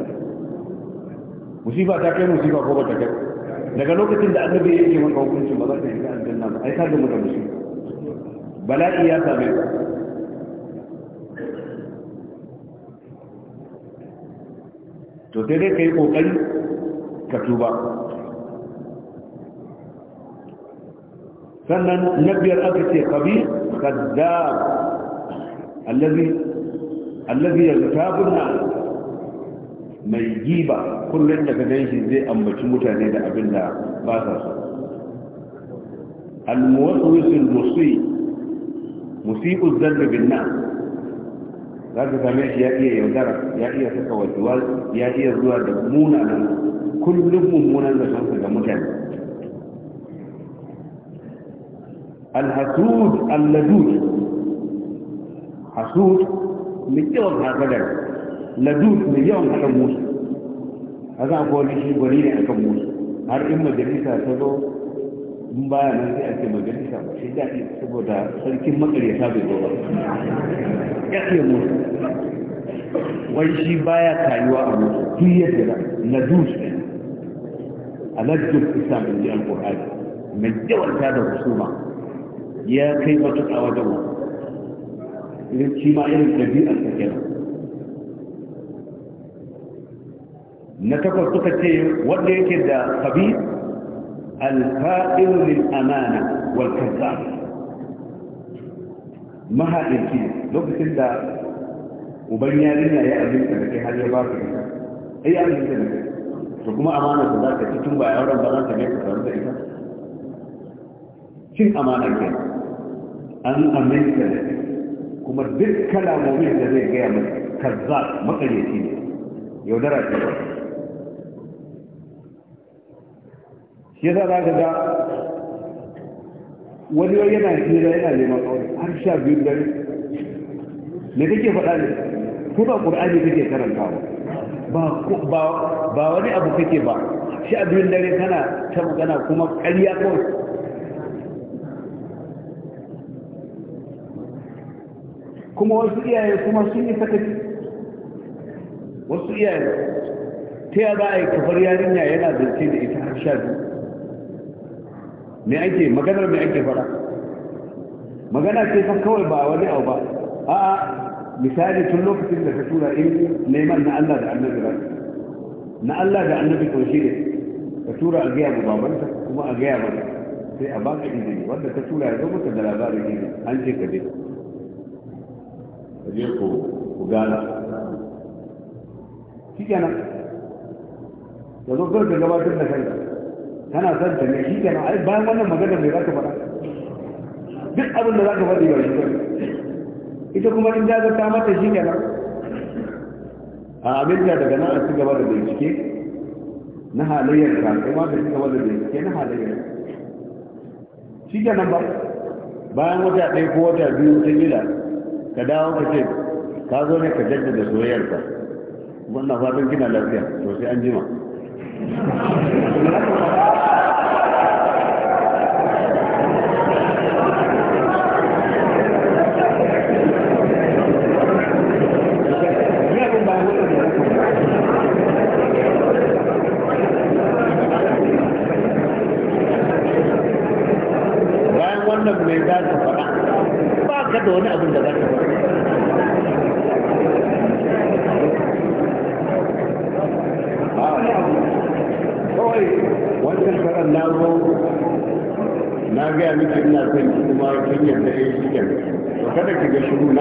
musiba ta kai musiba ko ba ta kai daga lokacin da annabi ya ce maka hukuncin ba za ka shiga aljanna ba ai ka gama da musiba bala'i ya same ka to dai dai ka yi ƙoƙari ka tuba sannan na biyar aka ce kabi kazzab allazi allazi yartabun na mai ba kullum daga ganshi zai ambaci mutane da abin da ba sa so al-muwaswisul musi musi'u dhanbi da binna. za ta same shi ya iya yaudara ya iya saka wajuwa ya iya zuwa da muna munanan kullum mummunan da sun ga mutane alhasud alladud hasud mai yawan hasadar ladud mai yawan hasan musu a za a kowane shi gwani ne akan musu har in majalisa ta zo in baya nan sai ce majalisa ba sai daɗi saboda sarkin makaryata bai zo ba ya ce mu wai shi baya kayuwa a mutu duk yadda da na dutse a lajjin islam mai yawan da husuma ya kai matuƙa wajen wasu irin shi ma irin ɗabi'ar ta kenan na takwas suka ce wanda yake da kabi alfa'iru lil amana wal kazzab mahadinki lokacin da uban yarinya ya abinta da kai har ya ba ka ita ai abinta da kai to kuma amana da za ka ci tun ba yawon ba za ka ne ka faru da ita cin amana ke an aminta kuma duk kalamomin da zai gaya mai kazzab makaryaci ne yaudara ce shi yasa za ka ga wani wani yana hira yana neman aure har sha biyu dare me kake faɗa ne ko ba ƙur'ani kake karanta ba ba wani abu kake ba sha biyun dare tana ta magana kuma ƙarya kawai kuma wasu iyaye kuma sun yi sakaci wasu iyaye ta yaba a yi kafar yarinya yana zance da ita har sha biyu me ake maganar me ake fara magana ce fa kawai ba wani abu ba a'a misali tun lokacin da ka tura in neman na Allah da annabi ba na Allah da annabi ko shi ne ka tura a gaya babanka kuma a gaya mana sai a baka izini wanda ka tura ya zo maka da labarin ne an ce ka je ka je ku ku gana shi kenan ka zo kawai ka gabatar da kanka kana son ta ne shi kenan ai bayan wannan magana mai za ka faɗa duk abin da za ka faɗi ba shi kenan ita kuma in jaza ta mata shi kenan a da daga nan a ci gaba da bincike na halayyar ka kuma da ci gaba da bincike na halayyar shi kenan ba bayan wata ɗaya ko wata biyu ta gida ka dawo ka ce ka zo ne ka jaddada soyayyarka wannan fatan kina lafiya to sai an jima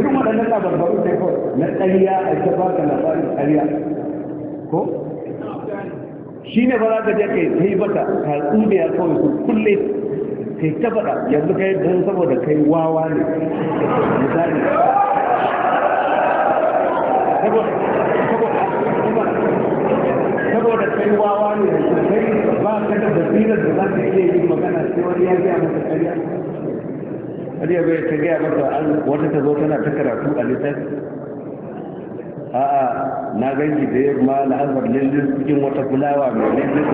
irin waɗannan labarbaru sai kawai na ƙarya a ta ba ka labarin ƙarya ko shi ne ba za ka je kai yi bata ka tsude ya kawai su kulle kai ta faɗa yanzu kai don saboda kai wawa ne misali saboda kai wawa ne kai ba ka da basirar da za ka iya yin magana sai wani ya gaya maka ƙarya har yabe ta gaya ka wata ta zo tana ta karatu a littafi a'a na ganji da yamma na azar lallin cikin wata fulawa mai lallin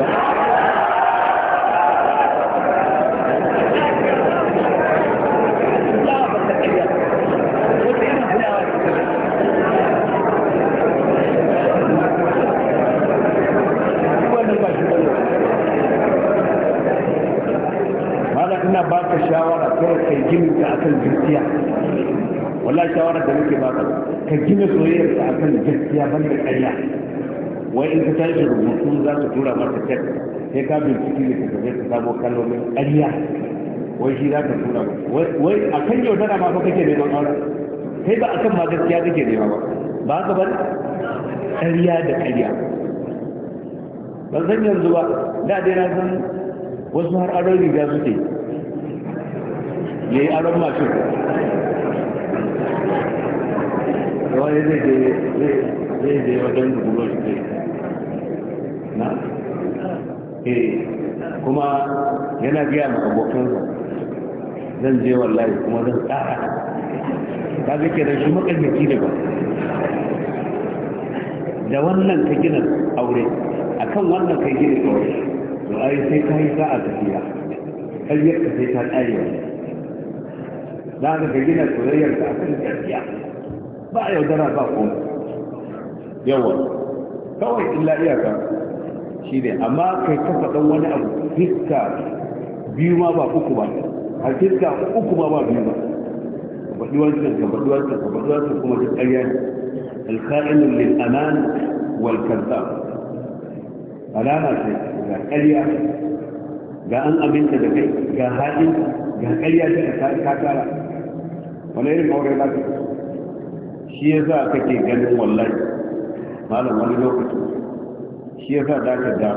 ba ina ba ka shawara kai ginin ta akan gaskiya wallahi shawara da nake ba ka ka gina soyayyar ta akan gaskiya ban da ƙarya wai in ka tashi rubutu za ka tura masa cek sai ka binciki ne ka gaje ka samo kalmomin ƙarya wai shi za ka tura wai a kan yau yaudara ma fa kake neman aure kai ba a kan ma gaskiya kake nema ba ba ka ba ƙarya da ƙarya ban san yanzu ba da dai na san wasu har aron riga suke ya yi aron masu wani zai je wajen rubuwa shi ne na eh kuma yana biya ma abokansa zan je wallahi kuma zan tsara ta zai ke da shi ne ba da wannan ka gina aure a kan wannan ka gina aure to ai sai ka yi za a tafiya ƙaryar ka sai ta ƙarewa za ka gina soyayyar ka akan gaskiya ba a yaudara ba kuma yawa kawai illa iyaka shi ne amma kai ka faɗan wani abu fiska biyu ma ba uku ba a fiska uku ma ba biyu ba ka faɗi wancan ka faɗi wancan ka faɗi wancan kuma duk ƙarya ne alkha'inu lil aman wal kazzab alama ce ga ƙarya ga an aminta da kai ga haɗin ga ƙarya ta ka tara wani irin aure za ka shi ya za kake ganin wallahi malam wani lokaci shi ya za da ka da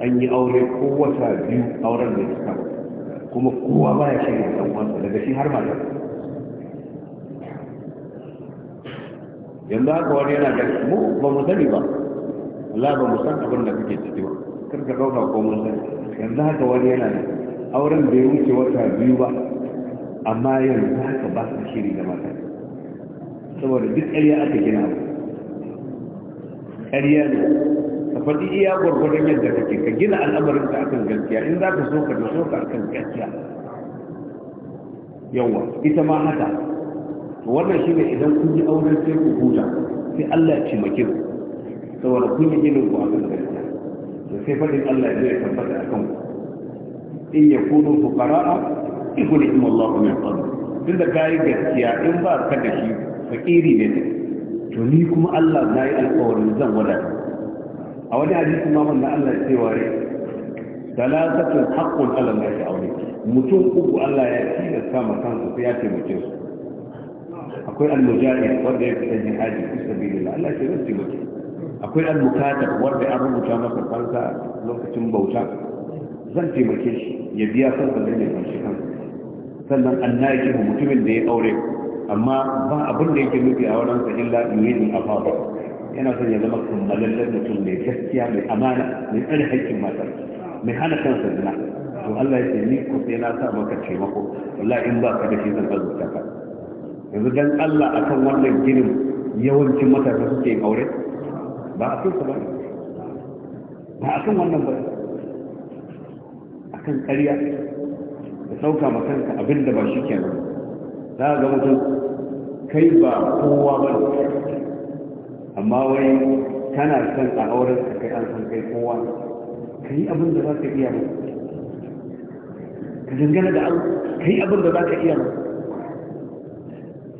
an yi aure ko wata biyu auren da ya kuma kowa ba ya shirya ɗan wasa daga shi har mata yanzu haka wani yana da mu ba mu sani ba Allah ba mu san abin da kuke ciki ba kar ka ɗauka ko mun sani yanzu haka wani yana da auren da ya wuce wata biyu ba amma yanzu haka ba su shiri da mata saboda duk ƙarya aka gina abu ƙarya ne ka faɗi iya gwargwaron yadda kake ka gina al'amarin ka akan gaskiya in za ka so ka so ka akan gaskiya yawa ita ma haka wannan shine idan kun yi auren sai ku huta sai Allah ya cimake ku saboda kun yi ginin ku akan gaskiya to sai faɗin Allah ya tabbata akan ku in yakunu fuqara'a يقول إن الله من tun da kayi gaskiya in ba ka da shi fakiri ne ne to ni kuma Allah na yi alƙawarin zan wada a wani hadisi ma manzo Allah ya cewa ne salatatu haqqun ala ma aure. mutum uku Allah ya da ma kansa sai ya taimake su akwai al-mujahid wanda ya fita jihadi fi sabilillah Allah ya ce taimake akwai al-mukatab wanda an rubuta masa kansa lokacin bauta zan taimake shi ya biya kansa da ne kansa sannan annaki mutumin da ya aure amma ba abin da yake nufi a wurin sa illa yuridu afafa yana son ya zama da mutum mai gaskiya mai amana mai tsare haƙƙin matar mai hana kansa zina to Allah ya ce ni ko sai na sa maka taimako wallahi in ba ka da shi zan azurta ka yanzu dan Allah akan wannan ginin yawancin matasa suke yin aure ba a kan ba ba a kan wannan ba a kan ƙarya ka sauka ma kanka abin da ba shi kenan za a ga mutum kai ba kowa ba amma wai kana son a auren ka kai an san kai kowa ka yi abin da za ka iya ba ka dangana da Allah ka yi abin da za ka iya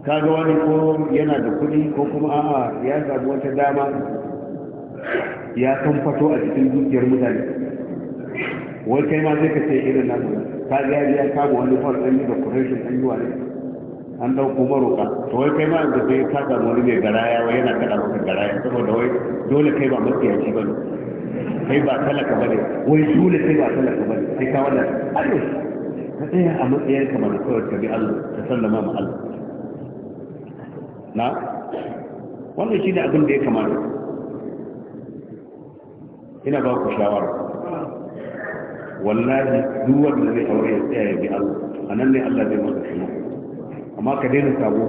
ba ga wani ko yana da kuɗi ko kuma a'a ya samu wata dama ya san fato a cikin zuciyar mutane wai kai ma zai ka ce irin na su ka ga ya kama wani fara ɗan yi da kurashin ɗan yi wa ne an ɗauko maroka to wai kai ma da zai ka samu wani mai garaya wai yana kaɗa maka garaya saboda wai dole kai ba matsiyaci ba ne kai ba talaka ba ne wai dole kai ba talaka ba ne sai ka wannan ayo ka tsaya a matsayin ka mana kawai ka bi Allah ka sallama ma Allah na wannan shi ne abin da ya kamata ina ba ku shawara wallahi duk wanda zai aure ya tsaya ya bi Allah a nan ne Allah zai maka kuma amma ka daina sabo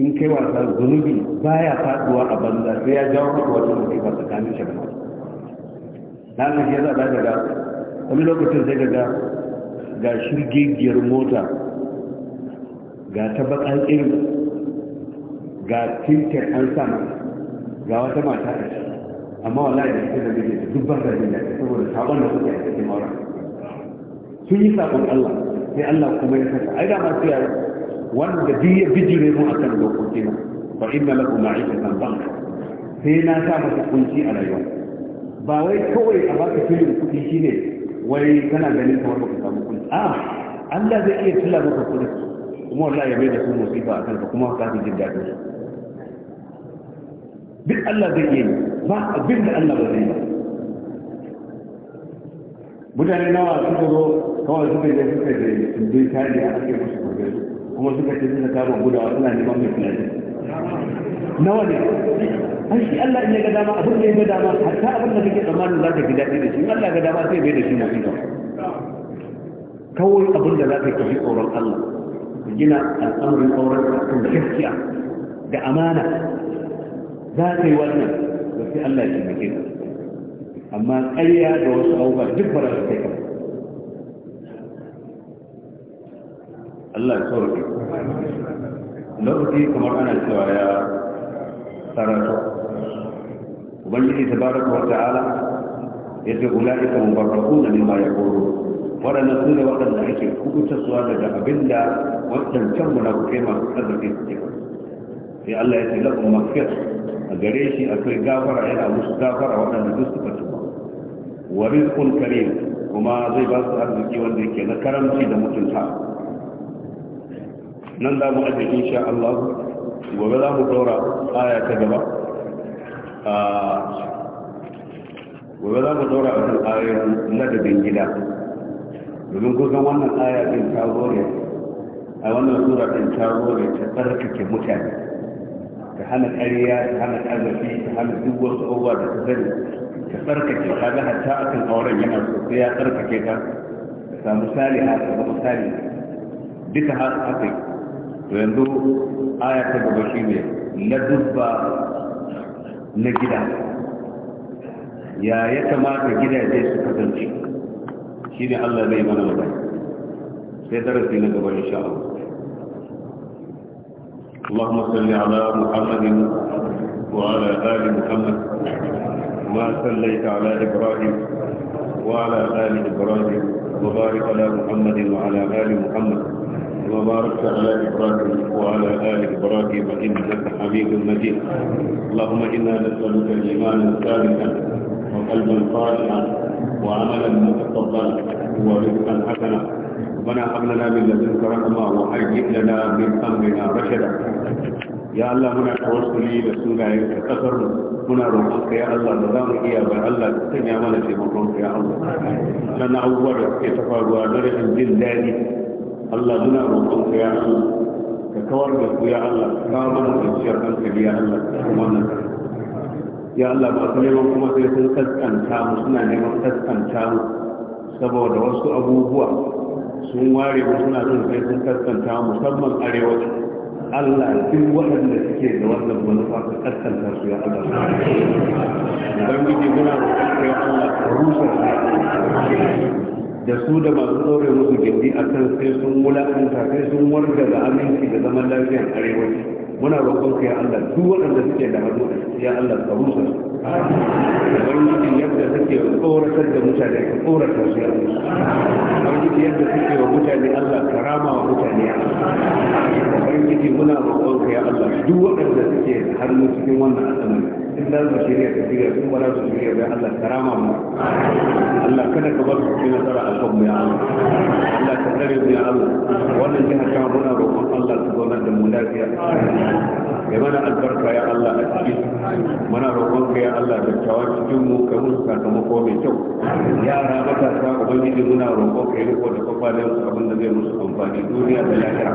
in kai wasa zunubi baya faduwa a banza sai ya jawo maka wata musiba tsakanin shi da na ga shi a daga wani lokacin sai ga ga giyar mota ga ta irin ga tintin an sama ga wata mata a ciki amma wallahi da suke da bid'a duk ba da bid'a saboda sabon da suke a cikin mawara sun yi sabon Allah sai Allah kuma ya saka ai da ma sai wanda duk ya bijire mu akan na fa inna lahu ma'ikatan banka sai na sa masa kunci a rayuwa ba wai kawai a baka filin kuɗi shine wai kana ganin kamar baka samu kunci a Allah zai iya tilla maka kuɗi kuma wallahi ya mai da su musiba a kanka kuma ka ji jin daɗi duk Allah zai yi ba abin da Allah ba zai yi mutane nawa suka zo kawai suka je suka je dai tare a cikin musu gobe kuma suka ce suna kama gudawa suna neman mai fulani nawa ne an shi Allah in ya ga dama abin da ya ga dama hatta abin da kake tsammanin za ka ji daɗi da shi in Allah ga dama sai bai da shi mafi kawai abin da za ka kafi tsoron Allah gina al'amarin tsoron kan gaskiya da amana za a yi wannan da sai Allah ya taimake ka amma ƙarya da wasu abubuwa duk ba za kai kama. Allah ya ke lokaci kamar ana cewa ya sarrafa ubangiji da wa ta'ala ya ita kuna ne mubarakuna mimma yaqulun waɗannan su ne waɗanda ake suwa daga abin da wancan can na kuke masu ke suke sai Allah ya ce lafi mafiyar gare shi akwai gafara yana musu gafara waɗanda duk suka tuba wa rizqun karim kuma zai ba su arziki wanda yake na karamci da mutunta nan za mu aje insha Allah gobe za mu daura aya ta gaba gobe za mu daura a kan ayoyin ladabin gida domin kusan wannan aya ɗin ta zo ne a wannan sura ɗin ta zo ne ta tsarkake mutane محمد علي محمد ابي محمد دوور دوور تفل تفرك كتابها تاعك القوري من الصوفية تفرك كيفا فمثالي هذا فمثالي ديك هذا حقي وينظر آية الببشيمة لدبا نجدا يا يتما تجدا جيس كتنشي شيني الله بي من الله سيدرس دينك إن شاء الله اللهم صل على محمد وعلى آل محمد ما صليت على إبراهيم وعلى آل إبراهيم وبارك على محمد وعلى آل محمد وبارك على إبراهيم وعلى آل إبراهيم إنك حميد مجيد اللهم إنا نسألك إيمانا ثابتا وقلبا صالحا وعملا متقبلا ورزقا حسنا ربنا هب لنا من لدنك رحمة وهيئ لنا من أمرنا رشدا يا الله منا توسلي لسونا كتفر هنا روحك يا الله نظام يا الله تنيا منا في مقام يا الله لنا أول كتفر ودرج الجلدان الله هنا روحك يا الله كتور يا الله كامل الشر أنت يا الله منا الله Allah ba su neman kuma sai sun kaskanta mu suna neman kaskanta mu saboda wasu sun ware ba suna son sai sun kaskanta musamman arewaci Allah duk waɗanda suke da wannan manufa ka kaskanta su ya Allah idan muke muna kai Allah ka rusa da su da masu tsore musu gindi akan sai sun wulaƙanta sai sun warga da aminci da zaman lafiyar arewaci muna roƙon ka ya Allah duk waɗanda suke da hannu ya Allah ka rusa su ubangiji yadda suke tsoratar da mutane ka tsorata su ya ubangiji yadda suke wa mutane Allah ka rama wa mutane ya yadda muna roƙon ka ya Allah duk waɗanda suke da hannu cikin wannan asalin. in za su shirya su shirya sun ba za su shirya bai Allah karama mu Allah kada ka bar su ci nasara a kan ya Allah Allah ka tsare mu ya Allah wannan jihar ta muna roƙon Allah su zauna da mu lafiya ya mana albarka ya Allah a ciki Muna roƙon ka ya Allah da tawa cikin mu ka musu sakamako mai kyau yara matasa ubangiji muna roƙon ka ya riko da kwakwalen su abin da zai musu amfani duniya da lafiya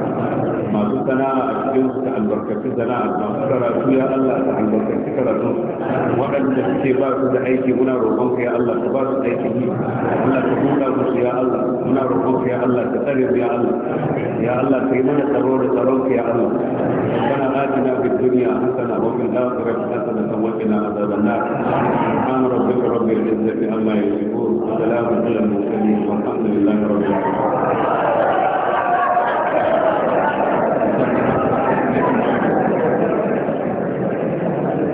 masu sana'a a cikin su ta albarkaci sana'a masu karatu ya Allah ta albarkaci karatu waɗanda suke ba su da aiki muna roƙon ka ya Allah ka ba su aiki ne Allah ka buɗa musu ya Allah muna roƙon ka ya Allah ka tsare ya Allah ya Allah ka yi mana tsaro da tsaron ka ya Allah kana atina fid dunya hasana wa fil akhirati hasana wa qina adhaban nar subhana rabbika rabbil izzati amma yasifun wa salamun alal mursalin والحمد لله رب العالمين